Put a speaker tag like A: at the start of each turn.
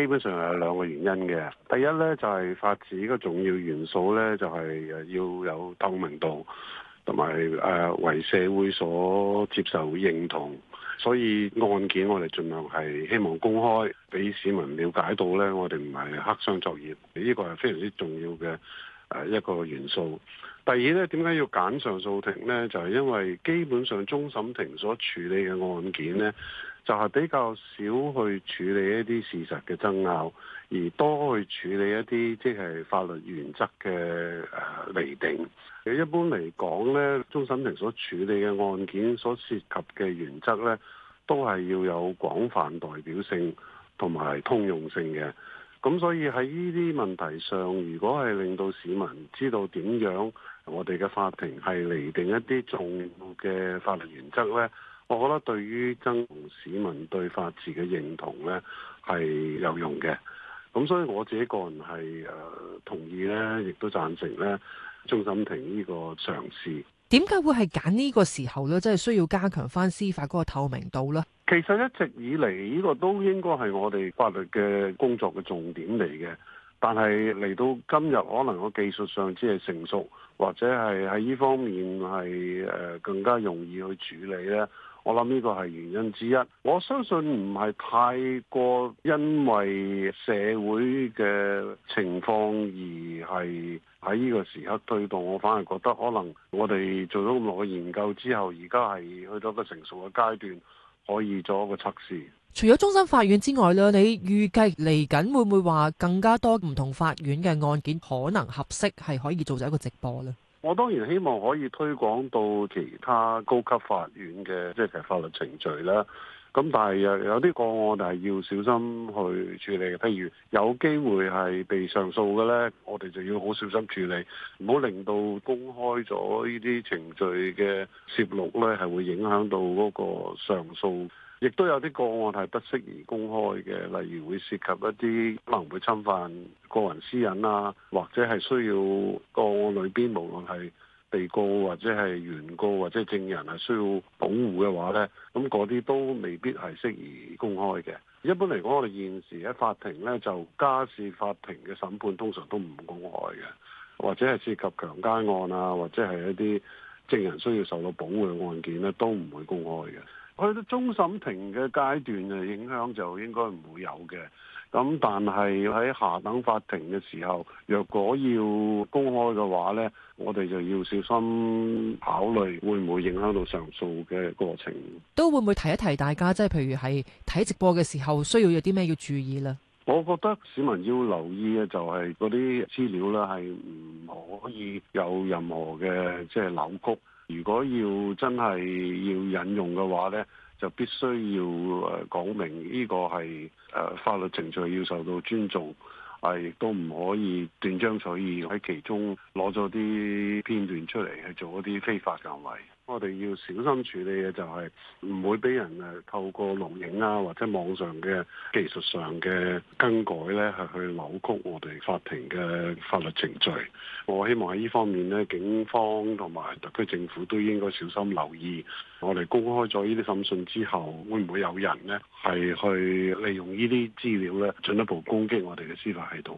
A: 基本上係兩個原因嘅，第一呢，就係、是、法治個重要元素呢，就係、是、要有透明度，同埋誒為社會所接受認同，所以案件我哋盡量係希望公開俾市民了解到呢，我哋唔係黑箱作業，呢個係非常之重要嘅誒一個元素。第二呢，點解要揀上訴庭呢？就係、是、因為基本上終審庭所處理嘅案件呢。就係比較少去處理一啲事實嘅爭拗，而多去處理一啲即係法律原則嘅釐、呃、定。一般嚟講呢，終審庭所處理嘅案件所涉及嘅原則呢，都係要有廣泛代表性同埋通用性嘅。咁所以喺呢啲問題上，如果係令到市民知道點樣我哋嘅法庭係釐定一啲重要嘅法律原則呢。我覺得對於增強市民對法治嘅認同呢，係有用嘅。咁所以我自己個人係誒同意呢，亦都贊成呢，終審庭呢個嘗試。
B: 點解會係揀呢個時候呢？即係需要加強翻司法嗰個透明度呢？
A: 其實一直以嚟，呢個都應該係我哋法律嘅工作嘅重點嚟嘅。但係嚟到今日，可能個技術上只係成熟，或者係喺呢方面係誒更加容易去處理呢。我諗呢個係原因之一，我相信唔係太過因為社會嘅情況而係喺呢個時刻推動。我反而覺得可能我哋做咗咁耐嘅研究之後，而家係去到一個成熟嘅階段，可以做一個測試。
B: 除咗終審法院之外咧，你預計嚟緊會唔會話更加多唔同法院嘅案件可能合適係可以做咗一個直播呢？
A: 我當然希望可以推廣到其他高級法院嘅，即係法律程序啦。咁但係有有啲個案，我哋係要小心去處理。譬如有機會係被上訴嘅呢，我哋就要好小心處理，唔好令到公開咗呢啲程序嘅攝錄呢，係會影響到嗰個上訴。亦都有啲個案係不適宜公開嘅，例如會涉及一啲可能會侵犯個人私隱啊，或者係需要個案裏邊無論係被告或者係原告或者證人係需要保護嘅話呢，咁嗰啲都未必係適宜公開嘅。一般嚟講，我哋現時喺法庭呢，就家事法庭嘅審判通常都唔公開嘅，或者係涉及強姦案啊，或者係一啲證人需要受到保護嘅案件呢，都唔會公開嘅。去到終審庭嘅階段啊，影響就應該唔會有嘅。咁但係喺下等法庭嘅時候，若果要公開嘅話呢，我哋就要小心考慮會唔會影響到上訴嘅過程。
B: 都會唔會提一提大家，即係譬如係睇直播嘅時候，需要有啲咩要注意呢？
A: 我覺得市民要留意嘅就係嗰啲資料啦，係唔可以有任何嘅即係扭曲。如果要真係要引用嘅話呢，就必須要誒講明呢個係誒法律程序要受到尊重，係亦都唔可以斷章取義喺其中攞咗啲片段出嚟去做一啲非法行為。我哋要小心處理嘅就係唔會俾人誒透過錄影啊或者網上嘅技術上嘅更改呢，係去扭曲我哋法庭嘅法律程序。我希望喺呢方面呢，警方同埋特區政府都應該小心留意。我哋公開咗呢啲審訊之後，會唔會有人呢，係去利用呢啲資料呢，進一步攻擊我哋嘅司法系統？